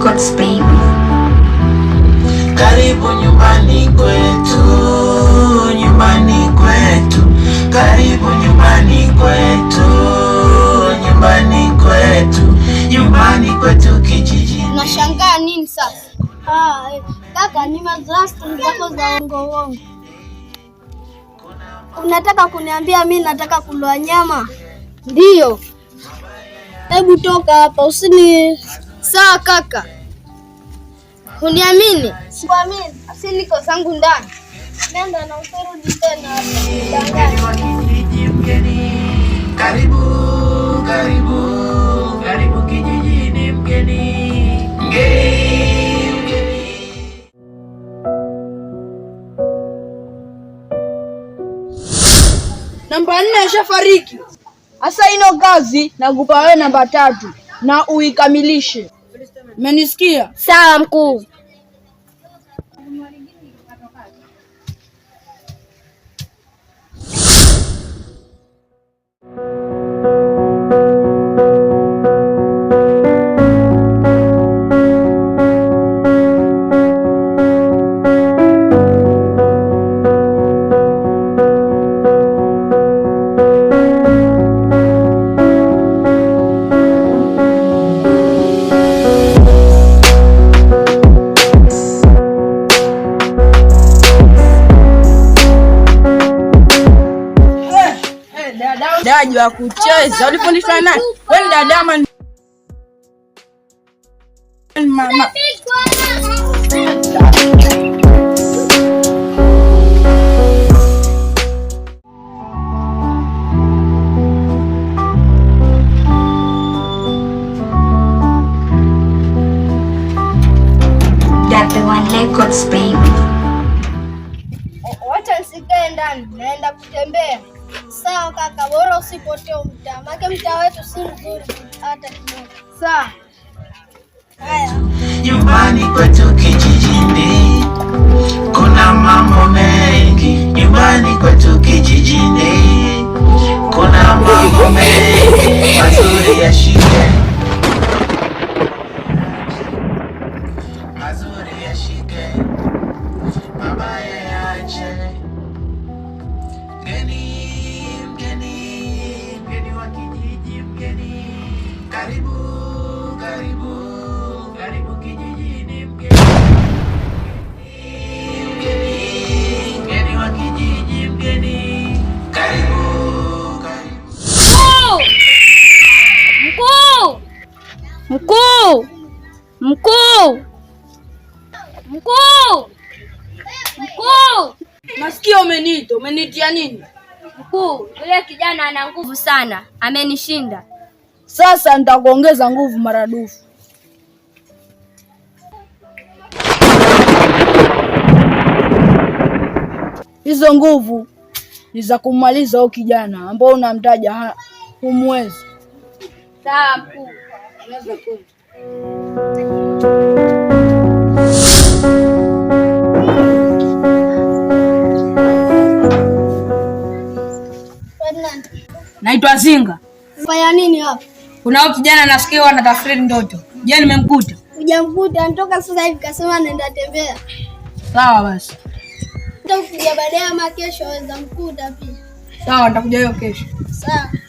Records baby. Karibu nyumbani kwetu, nyumbani kwetu, karibu nyumbani kwetu, nyumbani kwetu, nyumbani kwetu kijiji. Unashangaa nini sasa? Ah, kaka ni madrasa zako za ongo ongo. Unataka kuniambia mimi nataka kula nyama? Ndiyo. Hebu toka hapa usini Sawa kaka, uniamini? Siamini, asi niko zangu ndani. Nenda na usirudi tena. Namba nne ashafariki. Asa ino kazi nakupa wewe namba tatu na uikamilishe. Menisikia? Sawa mkuu. ujuaji wa kucheza ulifundishwa nani? Wewe dada ama mama? Usikae ndani, naenda kutembea. Sawa kaka, bora usipotee mtaa, make mtaa wetu si mzuri hata kidogo. Sawa. Haya, nyumbani kwetu kijijini kuna mambo mengi, nyumbani kwetu kijijini Karibu, karibu, karibu kijijini mgeni. Mgeni, wa kijiji mgeni. Karibu, karibu. Mkuu! Mkuu! Mkuu! Mkuu! Mkuu! Nasikia umeniita, umenitia nini? Mkuu, yule kijana ana nguvu sana, amenishinda. Sasa nitakuongeza nguvu maradufu. Hizo nguvu ni za kumaliza huyo kijana ambao unamtaja humwezi. Sawa mkuu, unaweza Naitwa Zinga. Fanya nini hapa? Kuna kijana nasikia anatafsiri ndoto. Je, yaani nimemkuta? Hujamkuta, anatoka sasa hivi kasema anaenda tembea. Sawa basi. Nitakuja baadaye ama kesho waweza mkuta pia. Sawa, nitakuja hiyo kesho. Sawa.